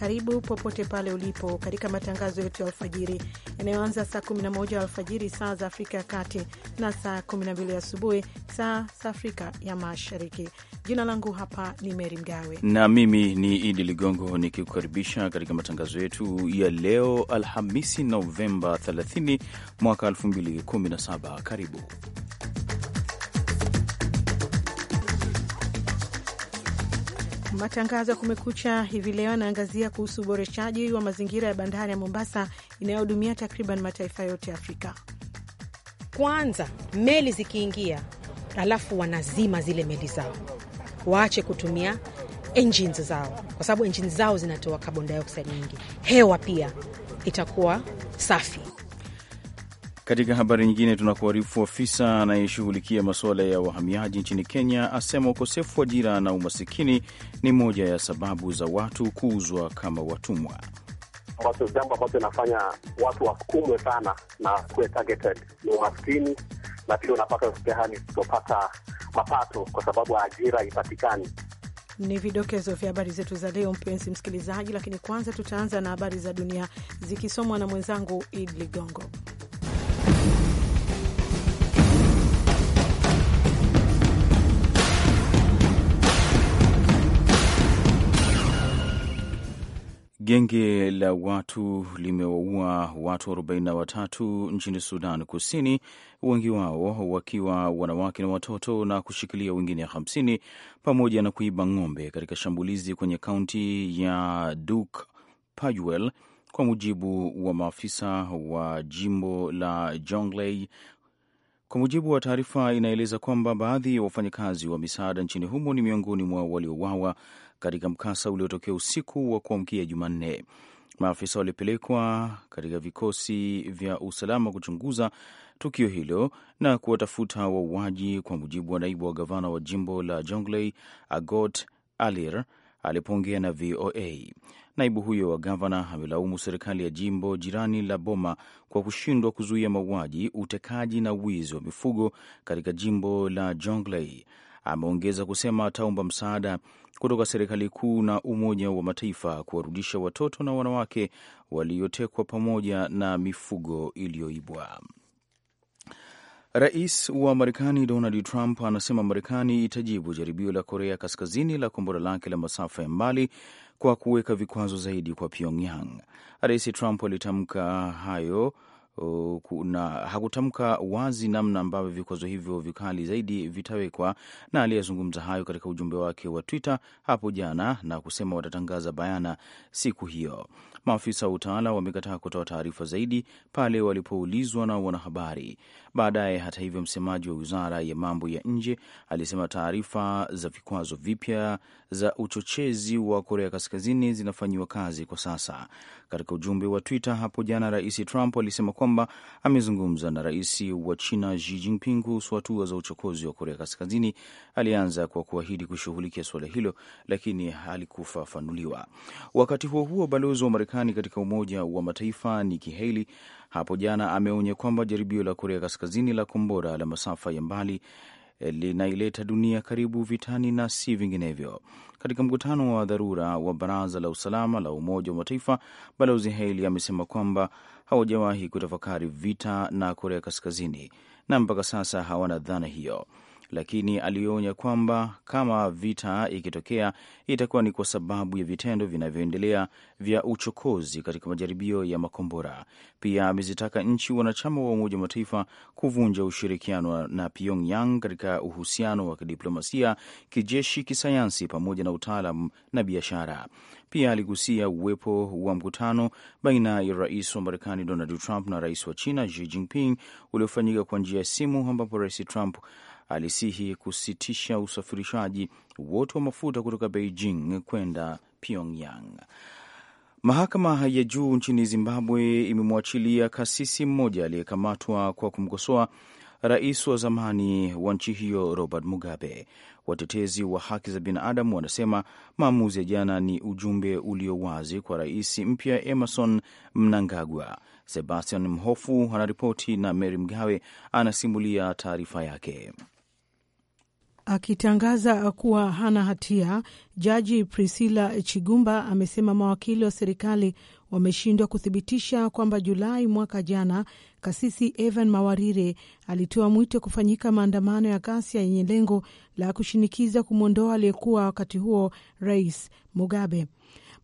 Karibu popote pale ulipo katika matangazo yetu ya alfajiri yanayoanza saa 11 alfajiri saa za Afrika ya Kati na saa 12 asubuhi saa za Afrika ya Mashariki. Jina langu hapa ni Meri Mgawe na mimi ni Idi Ligongo nikikukaribisha katika matangazo yetu ya leo Alhamisi, Novemba 30 mwaka 2017. Karibu Matangazo ya Kumekucha hivi leo yanaangazia kuhusu uboreshaji wa mazingira ya bandari ya Mombasa inayohudumia takriban mataifa yote ya Afrika. Kwanza meli zikiingia, alafu wanazima zile meli zao, waache kutumia engines zao, kwa sababu engines zao zinatoa carbon dioxide nyingi. Hewa pia itakuwa safi. Katika habari nyingine, tunakuarifu afisa anayeshughulikia masuala ya wahamiaji nchini Kenya asema ukosefu wa ajira na umasikini ni moja ya sababu za watu kuuzwa kama watumwa ambacho jambo ambacho inafanya watu wasukumwe sana na kuwe targeted ni umaskini, na pia unapata hali kutopata mapato kwa sababu ajira haipatikani. Ni vidokezo vya habari zetu za leo, mpenzi msikilizaji, lakini kwanza tutaanza na habari za dunia zikisomwa na mwenzangu Id Ligongo. Genge la watu limewaua watu 43 nchini Sudan Kusini, wengi wao wakiwa wanawake na watoto, na kushikilia wengine 50 pamoja na kuiba ng'ombe katika shambulizi kwenye kaunti ya Duk Pajwel, kwa mujibu wa maafisa wa jimbo la Jonglei. Kwa mujibu wa taarifa, inaeleza kwamba baadhi ya wafanyakazi wa misaada nchini humo ni miongoni mwa waliouawa katika mkasa uliotokea usiku wa kuamkia Jumanne. Maafisa walipelekwa katika vikosi vya usalama kuchunguza tukio hilo na kuwatafuta wauaji, kwa mujibu wa naibu wa gavana wa jimbo la Jonglei Agot Alir alipoongea na VOA. Naibu huyo wa gavana amelaumu serikali ya jimbo jirani la Boma kwa kushindwa kuzuia mauaji, utekaji na wizi wa mifugo katika jimbo la Jonglei. Ameongeza kusema ataomba msaada kutoka serikali kuu na Umoja wa Mataifa kuwarudisha watoto na wanawake waliotekwa pamoja na mifugo iliyoibwa. Rais wa Marekani Donald Trump anasema Marekani itajibu jaribio la Korea Kaskazini la kombora lake la masafa ya mbali kwa kuweka vikwazo zaidi kwa Pyongyang. Rais Trump alitamka hayo Uh, na hakutamka wazi namna ambavyo vikwazo hivyo vikali zaidi vitawekwa, na aliyezungumza hayo katika ujumbe wake wa Twitter hapo jana na kusema watatangaza bayana siku hiyo. Maafisa wa utawala wamekataa kutoa taarifa zaidi pale walipoulizwa na wanahabari. Baadaye hata hivyo, msemaji wa wizara ya mambo ya nje alisema taarifa za vikwazo vipya za uchochezi wa Korea Kaskazini zinafanyiwa kazi kwa sasa. Katika ujumbe wa Twitter hapo jana, Rais Trump alisema kwamba amezungumza na rais wa China Xi Jinping kuhusu hatua za uchokozi wa Korea Kaskazini alianza kwa kuahidi kushughulikia suala hilo, lakini halikufafanuliwa. Wakati huo huo, balozi wa Marekani katika Umoja wa Mataifa Nikki Haley hapo jana ameonya kwamba jaribio la Korea Kaskazini la kombora la masafa ya mbali eh, linaileta dunia karibu vitani na si vinginevyo. Katika mkutano wa dharura wa Baraza la Usalama la Umoja wa Mataifa, balozi Haley amesema kwamba hawajawahi kutafakari vita na Korea Kaskazini na mpaka sasa hawana dhana hiyo lakini alionya kwamba kama vita ikitokea itakuwa ni kwa sababu ya vitendo vinavyoendelea vya uchokozi katika majaribio ya makombora. Pia amezitaka nchi wanachama wa Umoja wa Mataifa kuvunja ushirikiano na Pyongyang katika uhusiano wa kidiplomasia, kijeshi, kisayansi, pamoja na utaalam na biashara. Pia aligusia uwepo wa mkutano baina ya rais wa Marekani Donald Trump na rais wa China Xi Jinping uliofanyika kwa njia ya simu, ambapo rais Trump alisihi kusitisha usafirishaji wote wa mafuta kutoka Beijing kwenda Pyongyang. Mahakama ya juu nchini Zimbabwe imemwachilia kasisi mmoja aliyekamatwa kwa kumkosoa rais wa zamani wa nchi hiyo Robert Mugabe. Watetezi wa haki za binadamu wanasema maamuzi ya jana ni ujumbe ulio wazi kwa rais mpya Emerson Mnangagwa. Sebastian Mhofu anaripoti na Mary Mgawe anasimulia taarifa yake. Akitangaza kuwa hana hatia, jaji Priscilla Chigumba amesema mawakili wa serikali wameshindwa kuthibitisha kwamba Julai mwaka jana kasisi Evan Mawarire alitoa mwito kufanyika maandamano ya ghasia yenye lengo la kushinikiza kumwondoa aliyekuwa wakati huo rais Mugabe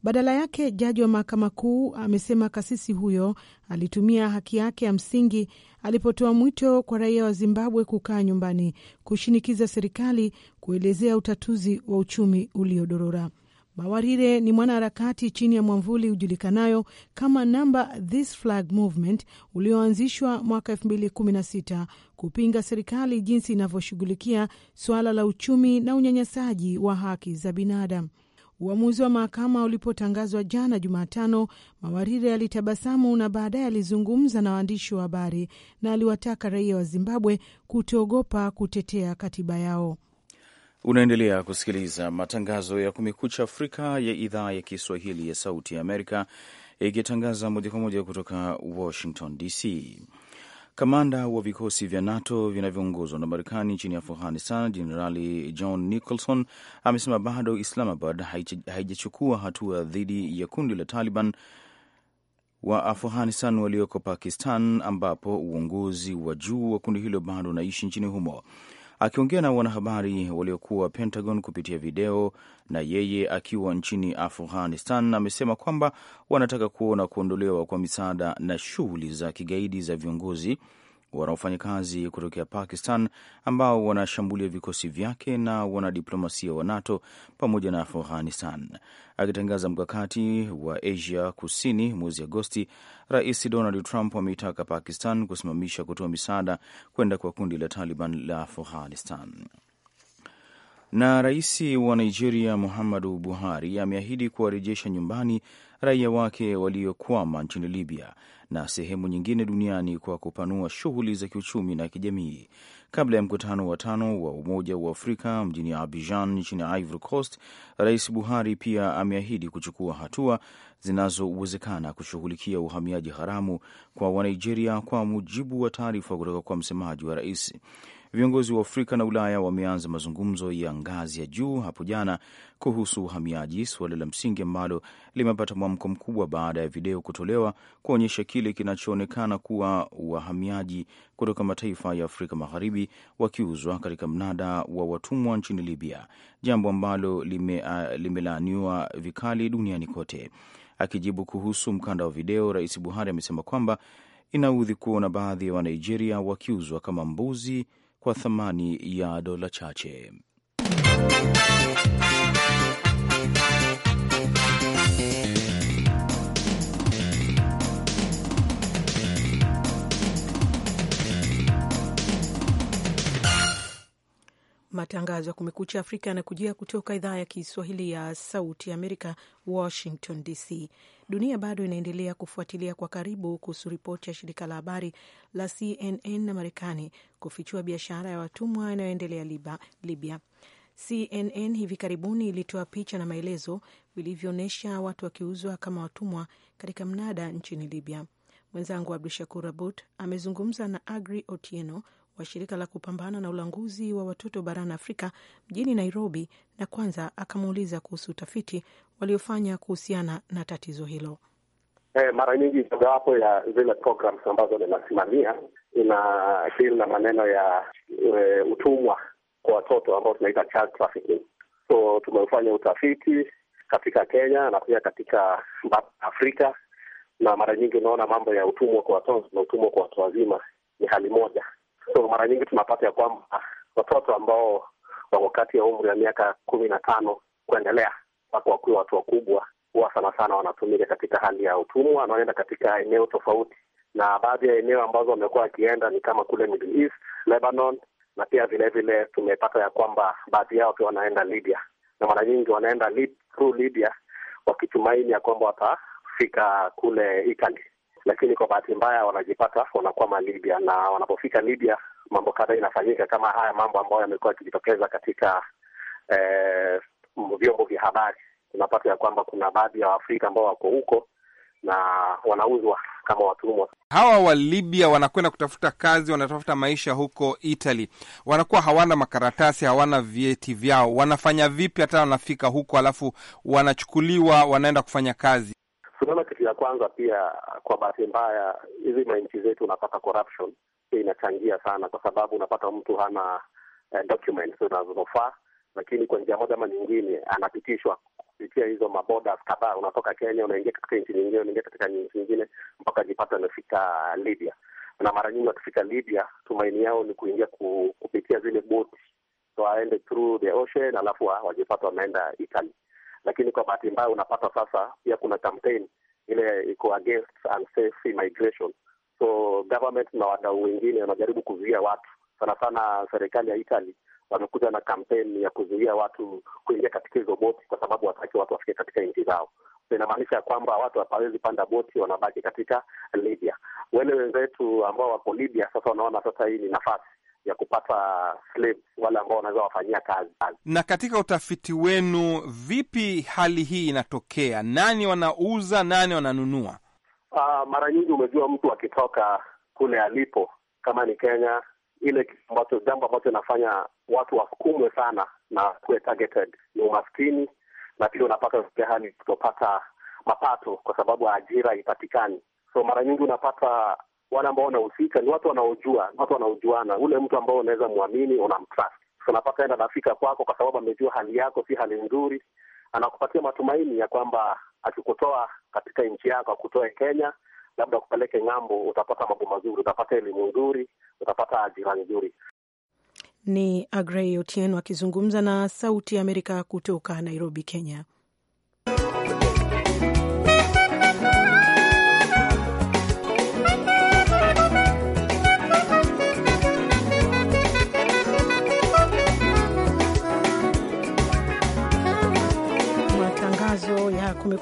badala yake jaji wa mahakama kuu amesema kasisi huyo alitumia haki yake ya msingi alipotoa mwito kwa raia wa Zimbabwe kukaa nyumbani kushinikiza serikali kuelezea utatuzi wa uchumi uliodorora. Mawarire ni mwanaharakati chini ya mwamvuli ujulikanayo kama namba This Flag Movement ulioanzishwa mwaka 2016 kupinga serikali jinsi inavyoshughulikia suala la uchumi na unyanyasaji wa haki za binadamu. Uamuzi wa mahakama ulipotangazwa jana Jumatano, Mawarire alitabasamu na baadaye alizungumza na waandishi wa habari na aliwataka raia wa Zimbabwe kutoogopa kutetea katiba yao. Unaendelea kusikiliza matangazo ya Kumekucha Afrika ya idhaa ya Kiswahili ya Sauti ya Amerika, ikitangaza moja kwa moja kutoka Washington DC. Kamanda wa vikosi vya NATO vinavyoongozwa na Marekani nchini Afghanistan, Jenerali John Nicholson amesema bado Islamabad haijachukua hatua dhidi ya kundi la Taliban wa Afghanistan walioko Pakistan, ambapo uongozi wa juu wa kundi hilo bado unaishi nchini humo. Akiongea na wanahabari waliokuwa Pentagon kupitia video na yeye akiwa nchini Afghanistan, amesema kwamba wanataka kuona kuondolewa kwa misaada na shughuli za kigaidi za viongozi wana wafanyakazi kutokea Pakistan ambao wanashambulia vikosi vyake na wanadiplomasia wa NATO pamoja na Afghanistan. Akitangaza mkakati wa Asia Kusini mwezi Agosti, Rais Donald Trump ameitaka Pakistan kusimamisha kutoa misaada kwenda kwa kundi la Taliban la Afghanistan na rais wa Nigeria Muhammadu Buhari ameahidi kuwarejesha nyumbani raia wake waliokwama nchini Libya na sehemu nyingine duniani kwa kupanua shughuli za kiuchumi na kijamii. Kabla ya mkutano wa tano wa Umoja wa Afrika mjini Abidjan nchini Ivory Coast, Rais Buhari pia ameahidi kuchukua hatua zinazowezekana kushughulikia uhamiaji haramu kwa Wanigeria, kwa mujibu wa taarifa kutoka kwa msemaji wa rais. Viongozi wa Afrika na Ulaya wameanza mazungumzo ya ngazi ya juu hapo jana kuhusu uhamiaji, suala la msingi ambalo limepata mwamko mkubwa baada ya video kutolewa kuonyesha kile kinachoonekana kuwa wahamiaji kutoka mataifa ya Afrika Magharibi wakiuzwa katika mnada wa watumwa nchini Libya, jambo ambalo uh, limelaaniwa lime vikali duniani kote. Akijibu kuhusu mkanda wa video, Rais Buhari amesema kwamba inaudhi kuona baadhi ya Wanigeria wakiuzwa kama mbuzi kwa thamani ya dola chache. Matangazo ya Kumekucha Afrika yanakujia kutoka idhaa ya Kiswahili ya Sauti ya Amerika, Washington DC. Dunia bado inaendelea kufuatilia kwa karibu kuhusu ripoti ya shirika la habari la CNN na Marekani kufichua biashara ya watumwa inayoendelea Libya. CNN hivi karibuni ilitoa picha na maelezo vilivyoonyesha watu wakiuzwa kama watumwa katika mnada nchini Libya. Mwenzangu Abdu Shakur abut amezungumza na Agri Otieno, wa shirika la kupambana na ulanguzi wa watoto barani Afrika mjini Nairobi, na kwanza akamuuliza kuhusu utafiti waliofanya kuhusiana na tatizo hilo. Eh, mara nyingi mojawapo ya zile programs ambazo ina inadili na maneno ya e, utumwa kwa watoto ambao tunaita child trafficking. So tumefanya utafiti katika Kenya na pia katika Afrika, na mara nyingi unaona mambo ya utumwa kwa watoto na utumwa kwa watu wazima ni hali moja, So mara nyingi tunapata ya kwamba ah, watoto ambao wako kati ya umri wa miaka kumi na tano kuendelea mpaka wakuwa watu wakubwa huwa sana sana wanatumika katika hali ya utumwa, wanaenda katika eneo tofauti, na baadhi ya eneo ambazo wamekuwa wakienda ni kama kule Middle East, Lebanon, na pia vilevile tumepata ya kwamba baadhi yao pia wanaenda Libya, na mara nyingi wanaenda li through Libya wakitumaini ya kwamba watafika kule Italy lakini kwa bahati mbaya wanajipata wanakwama Libya, na wanapofika Libya mambo kadhaa inafanyika kama haya mambo ambayo yamekuwa yakijitokeza katika eh, vyombo vya habari. Tunapata ya kwamba kuna baadhi ya Waafrika ambao wako huko na wanauzwa kama watumwa. Hawa wa Libya wanakwenda kutafuta kazi, wanatafuta maisha huko Italy, wanakuwa hawana makaratasi, hawana vyeti vyao. Wanafanya vipi hata wanafika huko, alafu wanachukuliwa, wanaenda kufanya kazi? Tunaona kitu ya kwanza pia, kwa bahati mbaya, hizi manchi zetu unapata corruption inachangia sana, kwa sababu unapata mtu hana eh, documents zinazofaa, lakini kwa njia moja ama nyingine anapitishwa kupitia hizo maboda kadhaa. Unatoka Kenya unaingia katika nchi nyingine, unaingia katika nchi nyingine mpaka jipata amefika Libya, na mara nyingi wakifika Libya tumaini yao ni kuingia kupitia zile boti, so aende through the ocean, alafu wajipata wameenda Italy lakini kwa bahati mbaya unapata sasa pia kuna campaign ile iko against unsafe migration, so government na wadau wengine wanajaribu kuzuia watu, sana sana serikali ya Italy wamekuja na kampeni ya kuzuia watu kuingia katika hizo boti, kwa sababu wataki watu wafike katika nchi zao. So inamaanisha ya kwamba watu hawawezi panda boti, wanabaki katika Libya. Wale wenzetu ambao wako Libya sasa wanaona sasa hii ni nafasi ya kupata slaves wale ambao wanaweza wafanyia kazi. Na katika utafiti wenu, vipi hali hii inatokea? Nani wanauza, nani wananunua? Uh, mara nyingi umejua mtu akitoka kule alipo, kama ni Kenya, ile ambacho jambo ambacho inafanya watu wasukumwe sana na kuwe targeted ni umaskini, na pia unapata hali kutopata mapato kwa sababu ajira haipatikani. So mara nyingi unapata wale ambao wanahusika ni watu wanaojua, watu wanaojuana. Ule mtu ambao unaweza mwamini, unamtrust, unapata enda nafika kwako kwa sababu amejua hali yako si hali nzuri, anakupatia matumaini ya kwamba akikutoa katika nchi yako, akutoe Kenya, labda akupeleke ng'ambo, utapata mambo mazuri, utapata elimu nzuri, utapata ajira nzuri. Ni Agrey Otieno akizungumza na Sauti ya Amerika kutoka Nairobi, Kenya.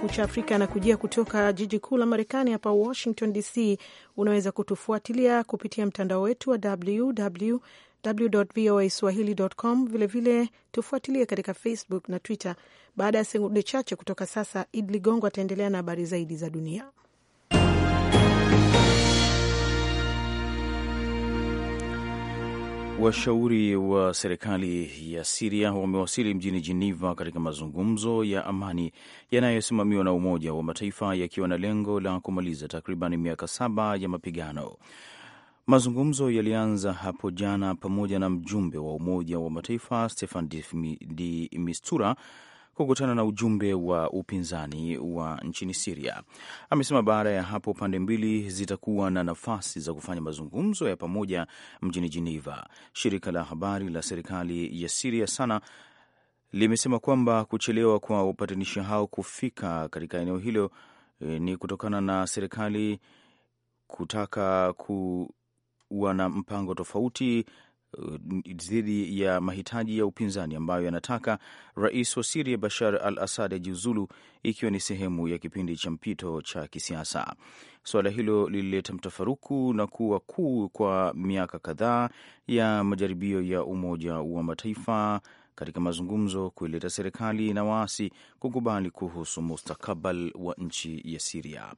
Kumekucha Afrika anakujia kutoka jiji kuu la Marekani, hapa Washington DC. Unaweza kutufuatilia kupitia mtandao wetu wa www voa swahili.com. Vilevile tufuatilie katika Facebook na Twitter. Baada ya sekunde chache kutoka sasa, Id Ligongo ataendelea na habari zaidi za dunia. Washauri wa serikali ya Siria wamewasili mjini jeneva katika mazungumzo ya amani yanayosimamiwa na Umoja wa Mataifa yakiwa na lengo la kumaliza takriban miaka saba ya mapigano. Mazungumzo yalianza hapo jana pamoja na mjumbe wa Umoja wa Mataifa Stefan de Mistura kukutana na ujumbe wa upinzani wa nchini Siria. Amesema baada ya hapo pande mbili zitakuwa na nafasi za kufanya mazungumzo ya pamoja mjini Geneva. Shirika la habari la serikali ya Siria Sana limesema kwamba kuchelewa kwa wapatanishi hao kufika katika eneo hilo e, ni kutokana na serikali kutaka kuwa na mpango tofauti dhidi ya mahitaji ya upinzani ambayo yanataka rais wa Siria Bashar al Assad ajiuzulu ikiwa ni sehemu ya kipindi cha mpito cha kisiasa. Suala hilo lilileta mtafaruku na kuwa kuu kwa miaka kadhaa ya majaribio ya Umoja wa Mataifa katika mazungumzo kuileta serikali na waasi kukubali kuhusu mustakabali wa nchi ya Siria.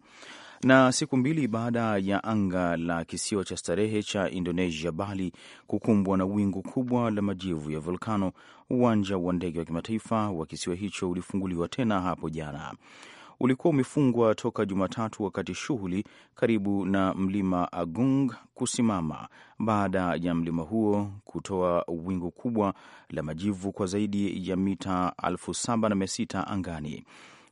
Na siku mbili baada ya anga la kisiwa cha starehe cha Indonesia Bali kukumbwa na wingu kubwa la majivu ya volkano, uwanja wa ndege wa kimataifa wa kisiwa hicho ulifunguliwa tena hapo jana. Ulikuwa umefungwa toka Jumatatu wakati shughuli karibu na mlima Agung kusimama baada ya mlima huo kutoa wingu kubwa la majivu kwa zaidi ya mita elfu angani.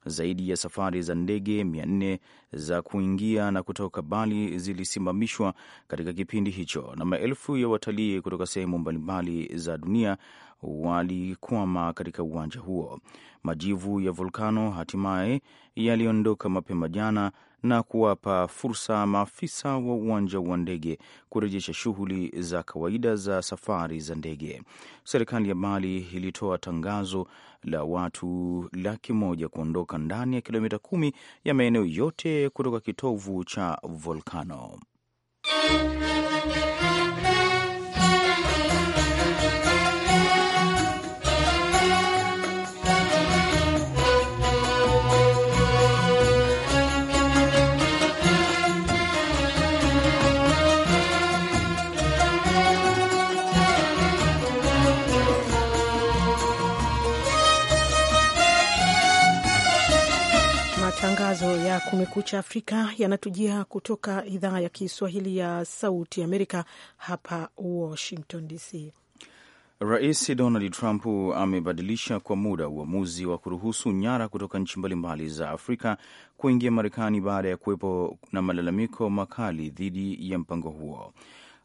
Zaidi ya safari za ndege mia nne za kuingia na kutoka Bali zilisimamishwa katika kipindi hicho, na maelfu ya watalii kutoka sehemu mbalimbali za dunia walikwama katika uwanja huo. Majivu ya volkano hatimaye yaliondoka mapema jana na kuwapa fursa maafisa wa uwanja wa ndege kurejesha shughuli za kawaida za safari za ndege. Serikali ya Mali ilitoa tangazo la watu laki moja kuondoka ndani ya kilomita kumi ya maeneo yote kutoka kitovu cha volkano Kumekucha Afrika yanatujia kutoka idhaa ya Kiswahili ya Sauti Amerika hapa Washington DC. Rais Donald Trump amebadilisha kwa muda uamuzi wa kuruhusu nyara kutoka nchi mbalimbali za Afrika kuingia Marekani baada ya kuwepo na malalamiko makali dhidi ya mpango huo.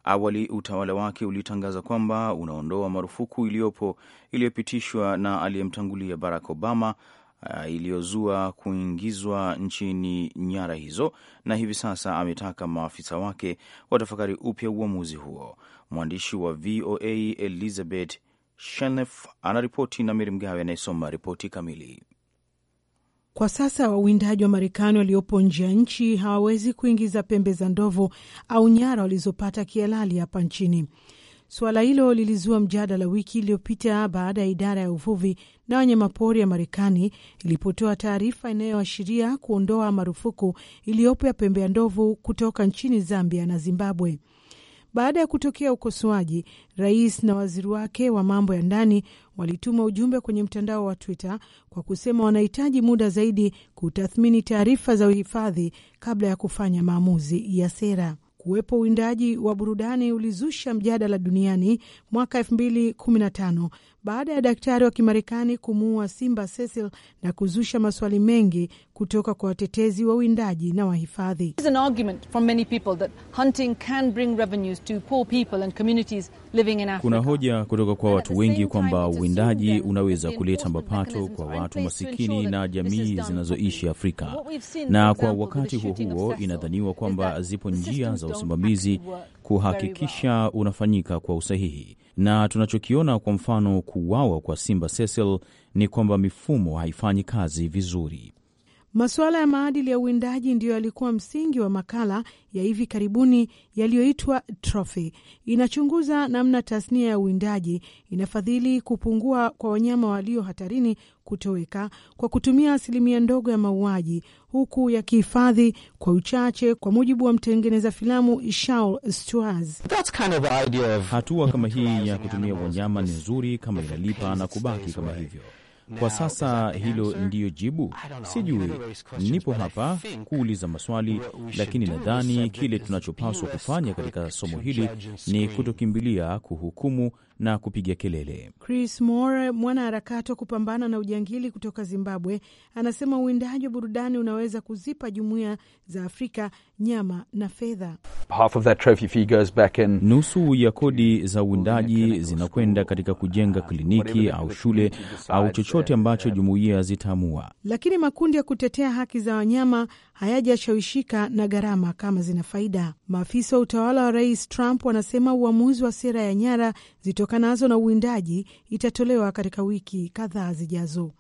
Awali utawala wake ulitangaza kwamba unaondoa marufuku iliyopo iliyopitishwa na aliyemtangulia Barack Obama uh, iliyozua kuingizwa nchini nyara hizo, na hivi sasa ametaka maafisa wake watafakari upya uamuzi huo. Mwandishi wa VOA Elizabeth Shenef anaripoti na Meri Mgawe anayesoma ripoti kamili. Kwa sasa wawindaji wa Marekani waliopo nje ya nchi hawawezi kuingiza pembe za ndovu au nyara walizopata kihalali hapa nchini. Suala hilo lilizua mjadala wiki iliyopita baada ya idara ya uvuvi na wanyamapori ya Marekani ilipotoa taarifa inayoashiria kuondoa marufuku iliyopo ya pembe ya ndovu kutoka nchini Zambia na Zimbabwe. Baada ya kutokea ukosoaji, rais na waziri wake wa mambo ya ndani walituma ujumbe kwenye mtandao wa Twitter kwa kusema wanahitaji muda zaidi kutathmini taarifa za uhifadhi kabla ya kufanya maamuzi ya sera. Kuwepo uwindaji wa burudani ulizusha mjadala duniani mwaka tano baada ya daktari wa Kimarekani kumuua simba Cecil na kuzusha maswali mengi kutoka kwa watetezi wa uwindaji na wahifadhi. Kuna hoja kutoka kwa watu wengi kwamba uwindaji unaweza kuleta mapato kwa watu masikini na jamii zinazoishi Afrika, na kwa wakati huo huo inadhaniwa kwamba zipo njia za usimamizi kuhakikisha unafanyika kwa usahihi. Na tunachokiona kwa mfano kuuawa kwa simba Cecil ni kwamba mifumo haifanyi kazi vizuri. Masuala ya maadili ya uwindaji ndiyo yalikuwa msingi wa makala ya hivi karibuni yaliyoitwa Trophy. Inachunguza namna tasnia ya uwindaji inafadhili kupungua kwa wanyama walio hatarini kutoweka kwa kutumia asilimia ndogo ya mauaji, huku yakihifadhi kwa uchache, kwa mujibu wa mtengeneza filamu Shaul Stwas. kind of hatua kama hii ya kutumia wanyama ni nzuri kama inalipa na kubaki kama hivyo kwa sasa hilo ndiyo jibu? Sijui, nipo hapa kuuliza maswali, lakini nadhani kile tunachopaswa kufanya katika somo hili ni kutokimbilia kuhukumu na kupiga kelele. Chris Moore, mwanaharakati wa kupambana na ujangili kutoka Zimbabwe, anasema uwindaji wa burudani unaweza kuzipa jumuiya za Afrika nyama na fedha. Nusu ya kodi za uwindaji zinakwenda katika kujenga kliniki au shule au chochote ambacho uh, jumuiya zitaamua. Lakini makundi ya kutetea haki za wanyama hayajashawishika na gharama kama zina faida. Maafisa wa utawala wa Rais Trump wanasema uamuzi wa sera ya nyara zitokanazo na uwindaji itatolewa katika wiki kadhaa zijazo.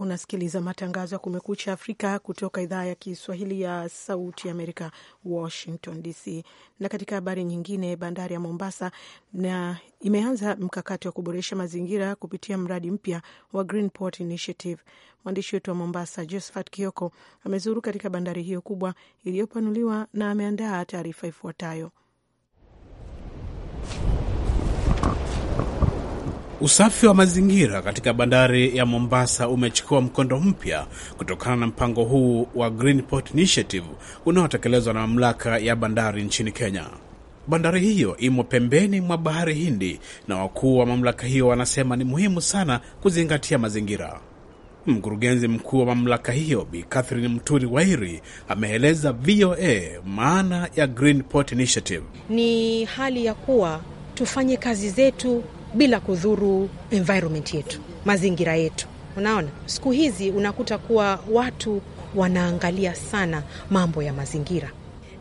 Unasikiliza matangazo ya Kumekucha Afrika kutoka idhaa ya Kiswahili ya Sauti Amerika, Washington DC. Na katika habari nyingine, bandari ya Mombasa na imeanza mkakati wa kuboresha mazingira kupitia mradi mpya wa Greenport Initiative. Mwandishi wetu wa Mombasa, Josephat Kioko, amezuru katika bandari hiyo kubwa iliyopanuliwa na ameandaa taarifa ifuatayo. Usafi wa mazingira katika bandari ya Mombasa umechukua mkondo mpya kutokana na mpango huu wa Green Port Initiative unaotekelezwa na mamlaka ya bandari nchini Kenya. Bandari hiyo imo pembeni mwa bahari Hindi na wakuu wa mamlaka hiyo wanasema ni muhimu sana kuzingatia mazingira. Mkurugenzi mkuu wa mamlaka hiyo Bi Catherine Mturi Wairi ameeleza VOA maana ya Green Port Initiative. Ni hali ya kuwa tufanye kazi zetu bila kudhuru environment yetu, mazingira yetu. Unaona, siku hizi unakuta kuwa watu wanaangalia sana mambo ya mazingira,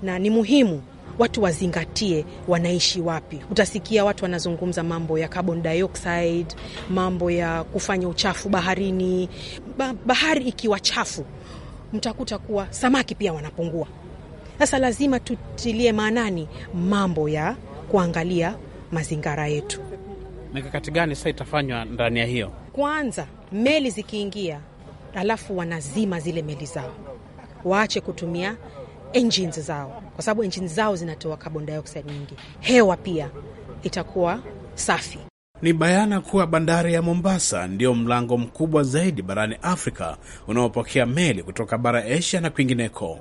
na ni muhimu watu wazingatie wanaishi wapi. Utasikia watu wanazungumza mambo ya carbon dioxide, mambo ya kufanya uchafu baharini. Bahari ikiwa chafu, mtakuta kuwa samaki pia wanapungua. Sasa lazima tutilie maanani mambo ya kuangalia mazingira yetu mikakati gani sasa itafanywa ndani ya hiyo? Kwanza meli zikiingia, alafu wanazima zile meli zao, waache kutumia engines zao, kwa sababu engines zao zinatoa carbon dioxide nyingi. Hewa pia itakuwa safi. Ni bayana kuwa bandari ya Mombasa ndio mlango mkubwa zaidi barani Afrika unaopokea meli kutoka bara Asia na kwingineko.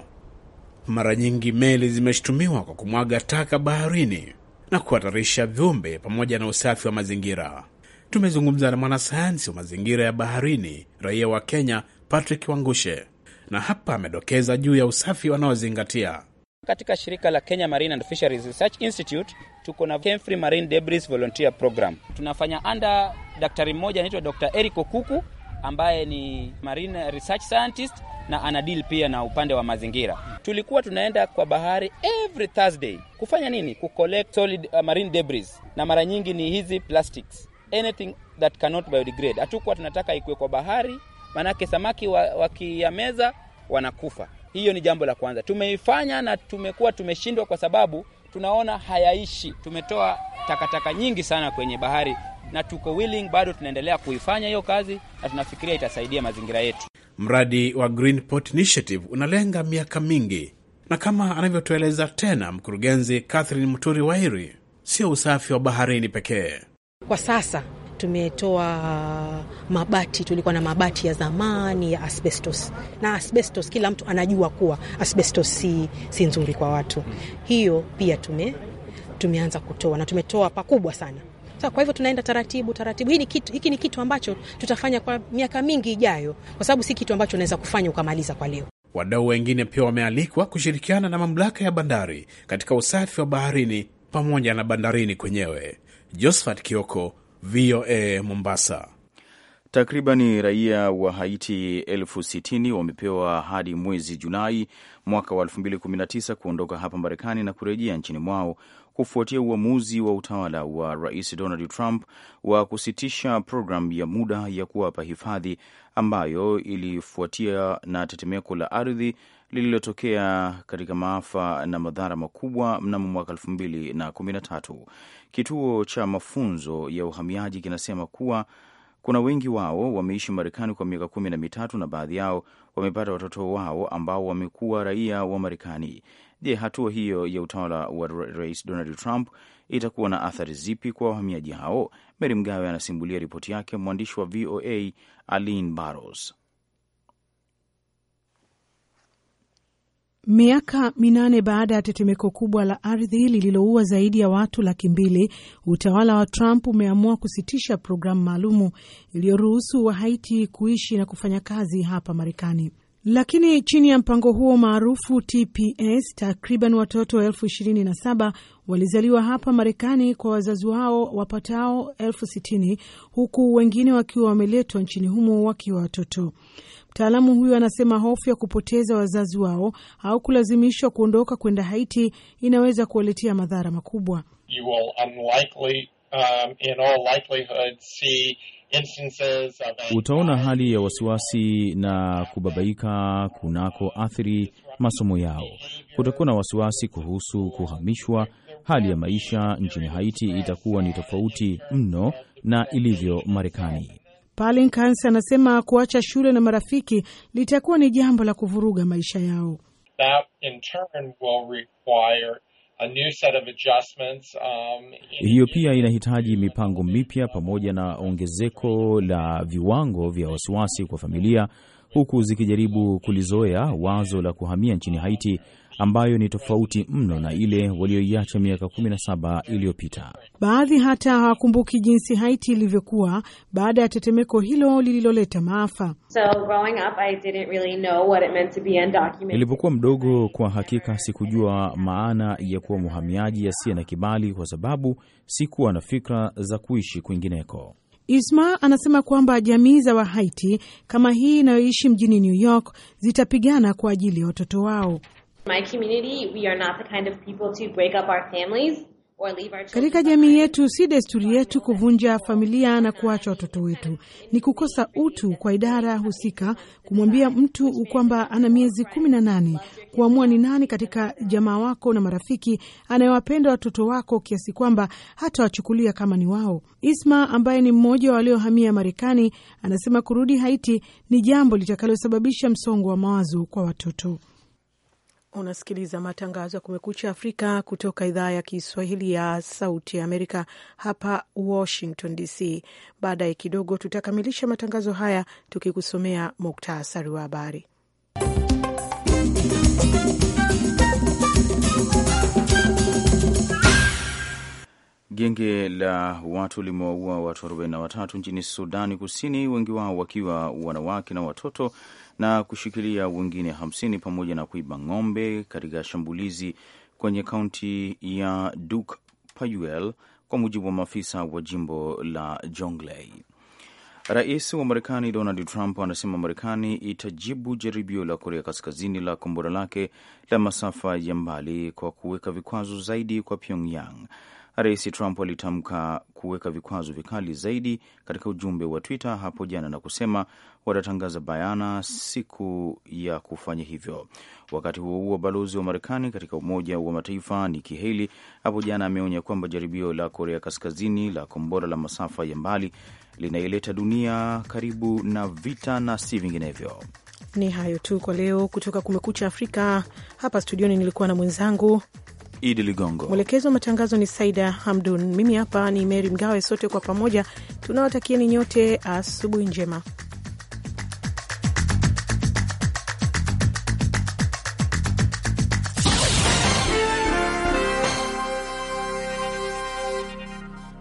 Mara nyingi meli zimeshutumiwa kwa kumwaga taka baharini na kuhatarisha viumbe pamoja na usafi wa mazingira. Tumezungumza na mwanasayansi wa mazingira ya baharini, raia wa Kenya, Patrick Wangushe, na hapa amedokeza juu ya usafi wanaozingatia katika shirika la Kenya Marine and Fisheries Research Institute. Tuko na Kemfree Marine Debris Volunteer Program, tunafanya anda daktari mmoja anaitwa Dr Eric Okuku ambaye ni marine research scientist na anadili pia na upande wa mazingira. Tulikuwa tunaenda kwa bahari every Thursday kufanya nini? Kucollect solid uh, marine debris, na mara nyingi ni hizi plastics, anything that cannot biodegrade. Hatukuwa tunataka ikuwe kwa bahari, maanake samaki wakiyameza wa wanakufa. Hiyo ni jambo la kwanza tumeifanya, na tumekuwa tumeshindwa kwa sababu tunaona hayaishi. Tumetoa takataka nyingi sana kwenye bahari na tuko willing, bado tunaendelea kuifanya hiyo kazi na tunafikiria itasaidia mazingira yetu. Mradi wa Greenport Initiative unalenga miaka mingi, na kama anavyotueleza tena mkurugenzi Catherine Muturi Wairi, sio usafi wa baharini pekee kwa sasa tumetoa mabati. Tulikuwa na mabati ya zamani ya asbestos, na asbestos kila mtu anajua kuwa asbestos si, si nzuri kwa watu. Hiyo pia tume tumeanza kutoa na tumetoa pakubwa sana. Sawa, kwa hivyo tunaenda taratibu taratibu. Hii ni kitu, hiki ni kitu ambacho tutafanya kwa miaka mingi ijayo, kwa sababu si kitu ambacho unaweza kufanya ukamaliza kwa leo. Wadau wengine pia wamealikwa kushirikiana na mamlaka ya bandari katika usafi wa baharini pamoja na bandarini kwenyewe. Josephat Kioko, VOA Mombasa. Takribani raia wa Haiti elfu sitini wamepewa hadi mwezi Julai mwaka wa 2019 kuondoka hapa Marekani na kurejea nchini mwao kufuatia uamuzi wa utawala wa Rais Donald Trump wa kusitisha programu ya muda ya kuwapa hifadhi ambayo ilifuatia na tetemeko la ardhi lililotokea katika maafa na madhara makubwa mnamo mwaka elfu mbili na kumi na tatu. Kituo cha mafunzo ya uhamiaji kinasema kuwa kuna wengi wao wameishi Marekani kwa miaka kumi na mitatu na baadhi yao wamepata watoto wao ambao wamekuwa raia wa Marekani. Je, hatua hiyo ya utawala wa Rais Donald Trump itakuwa na athari zipi kwa wahamiaji hao? Mary Mgawe anasimulia ripoti yake, mwandishi wa VOA Aline Barros. Miaka minane baada ya tetemeko kubwa la ardhi lililoua zaidi ya watu laki mbili, utawala wa Trump umeamua kusitisha programu maalumu iliyoruhusu Wahaiti kuishi na kufanya kazi hapa Marekani. Lakini chini ya mpango huo maarufu TPS, takriban watoto elfu ishirini na saba walizaliwa hapa Marekani kwa wazazi wao wapatao elfu sitini huku wengine wakiwa wameletwa nchini humo wakiwa watoto. Mtaalamu huyo anasema hofu ya kupoteza wazazi wao au kulazimishwa kuondoka kwenda Haiti inaweza kuwaletea madhara makubwa. You will unlikely um, in all likelihood see instances of... utaona hali ya wasiwasi na kubabaika kunako athiri masomo yao. Kutakuwa na wasiwasi kuhusu kuhamishwa. Hali ya maisha nchini Haiti itakuwa ni tofauti mno na ilivyo Marekani. Palinkans anasema kuacha shule na marafiki litakuwa ni jambo la kuvuruga maisha yao. That in turn will require A new set of adjustments, um, in... hiyo pia inahitaji mipango mipya pamoja na ongezeko la viwango vya wasiwasi kwa familia, huku zikijaribu kulizoea wazo la kuhamia nchini Haiti ambayo ni tofauti mno na ile walioiacha miaka 17 iliyopita. Baadhi hata hawakumbuki jinsi Haiti ilivyokuwa baada ya tetemeko hilo lililoleta maafa. So, really nilipokuwa mdogo, kwa hakika sikujua maana ya kuwa mhamiaji asiye na kibali, kwa sababu sikuwa na fikra za kuishi kwingineko. Isma anasema kwamba jamii za Wahaiti kama hii inayoishi mjini New York zitapigana kwa ajili ya watoto wao. My community, we are not the kind of people to break up our families. Katika jamii yetu si desturi yetu kuvunja familia na kuacha watoto wetu. Ni kukosa utu kwa idara husika kumwambia mtu kwamba ana miezi kumi na nane kuamua ni nani katika jamaa wako na marafiki anayewapenda watoto wako kiasi kwamba hatawachukulia kama ni wao. Isma ambaye ni mmoja wa waliohamia Marekani anasema kurudi Haiti ni jambo litakalosababisha msongo wa mawazo kwa watoto. Unasikiliza matangazo ya Kumekucha Afrika kutoka idhaa ya Kiswahili ya Sauti ya Amerika hapa Washington DC. Baadaye kidogo tutakamilisha matangazo haya tukikusomea muktasari wa habari. Genge la watu limewaua watu 43 nchini Sudani Kusini, wengi wao wakiwa wanawake na watoto na kushikilia wengine hamsini pamoja na kuiba ng'ombe katika shambulizi kwenye kaunti ya Duk Payuel, kwa mujibu wa maafisa wa jimbo la Jonglei. Rais wa Marekani Donald Trump anasema Marekani itajibu jaribio la Korea Kaskazini la kombora lake la masafa ya mbali kwa kuweka vikwazo zaidi kwa Pyongyang. Rais Trump alitamka kuweka vikwazo vikali zaidi katika ujumbe wa Twitter hapo jana na kusema watatangaza bayana siku ya kufanya hivyo. Wakati huo huo, balozi wa Marekani katika Umoja wa Mataifa Nikki Haley hapo jana ameonya kwamba jaribio la Korea Kaskazini la kombora la masafa ya mbali linaileta dunia karibu na vita na si vinginevyo. Ni hayo tu kwa leo kutoka Kumekucha Afrika. Hapa studioni nilikuwa na mwenzangu Idi Ligongo. Mwelekezi wa matangazo ni Saida Hamdun. Mimi hapa ni Meri Mgawe. Sote kwa pamoja tunawatakieni nyote asubuhi njema.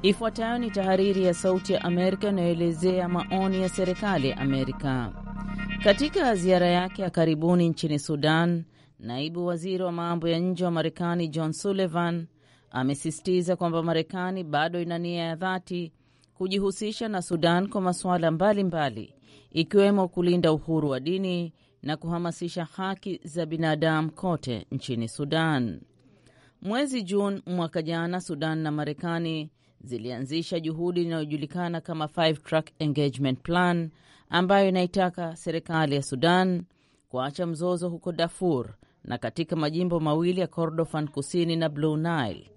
Ifuatayo ni tahariri ya Sauti ya Amerika inayoelezea maoni ya serikali ya Amerika. Katika ziara yake ya karibuni nchini Sudan, Naibu waziri wa mambo ya nje wa Marekani John Sullivan amesisitiza kwamba Marekani bado ina nia ya dhati kujihusisha na Sudan kwa masuala mbalimbali ikiwemo kulinda uhuru wa dini na kuhamasisha haki za binadamu kote nchini Sudan. Mwezi Juni mwaka jana, Sudan na Marekani zilianzisha juhudi inayojulikana kama Five Track Engagement Plan ambayo inaitaka serikali ya Sudan kuacha mzozo huko Darfur na katika majimbo mawili ya Kordofan Kusini na Blue Nile,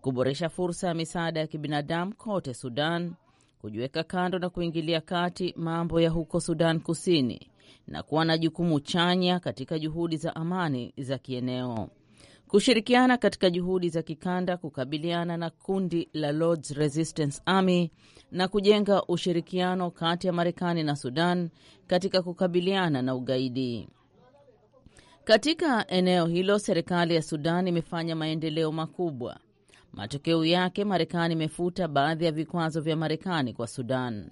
kuboresha fursa ya misaada ya kibinadamu kote Sudan, kujiweka kando na kuingilia kati mambo ya huko Sudan Kusini na kuwa na jukumu chanya katika juhudi za amani za kieneo, kushirikiana katika juhudi za kikanda kukabiliana na kundi la Lord's Resistance Army na kujenga ushirikiano kati ya Marekani na Sudan katika kukabiliana na ugaidi. Katika eneo hilo, serikali ya Sudan imefanya maendeleo makubwa. Matokeo yake, Marekani imefuta baadhi ya vikwazo vya Marekani kwa Sudan,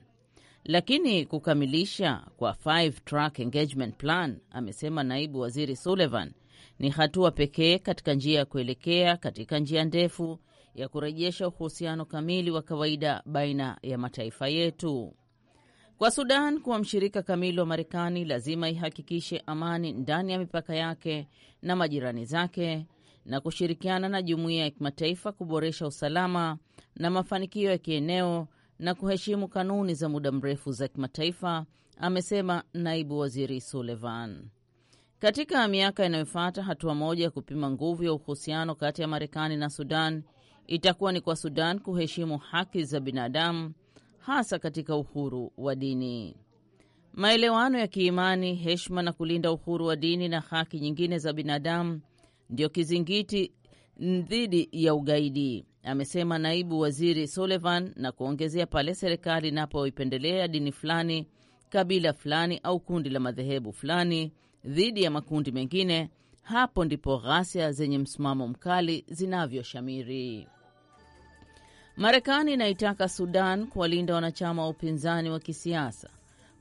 lakini kukamilisha kwa Five Track Engagement Plan, amesema naibu waziri Sullivan, ni hatua pekee katika njia ya kuelekea katika njia ndefu ya kurejesha uhusiano kamili wa kawaida baina ya mataifa yetu kwa Sudan kuwa mshirika kamili wa Marekani lazima ihakikishe amani ndani ya mipaka yake na majirani zake na kushirikiana na jumuiya ya kimataifa kuboresha usalama na mafanikio ya kieneo na kuheshimu kanuni za muda mrefu za kimataifa, amesema naibu waziri Sullivan. Katika miaka inayofuata, hatua moja ya kupima nguvu ya uhusiano kati ya Marekani na Sudan itakuwa ni kwa Sudan kuheshimu haki za binadamu hasa katika uhuru wa dini. Maelewano ya kiimani, heshima na kulinda uhuru wa dini na haki nyingine za binadamu ndiyo kizingiti dhidi ya ugaidi, amesema naibu waziri Sullivan, na kuongezea, pale serikali inapoipendelea dini fulani, kabila fulani, au kundi la madhehebu fulani dhidi ya makundi mengine, hapo ndipo ghasia zenye msimamo mkali zinavyoshamiri. Marekani inaitaka Sudan kuwalinda wanachama wa upinzani wa kisiasa,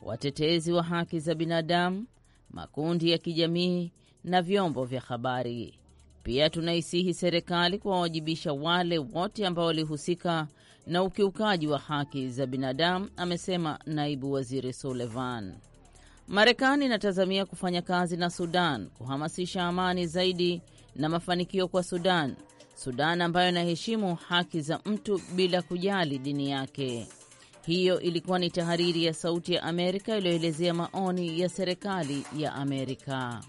watetezi wa haki za binadamu, makundi ya kijamii na vyombo vya habari. Pia tunaisihi serikali kuwawajibisha wale wote ambao walihusika na ukiukaji wa haki za binadamu, amesema naibu waziri Sullivan. Marekani inatazamia kufanya kazi na Sudan kuhamasisha amani zaidi na mafanikio kwa Sudan Sudan ambayo inaheshimu haki za mtu bila kujali dini yake. Hiyo ilikuwa ni tahariri ya Sauti ya Amerika iliyoelezea maoni ya serikali ya Amerika.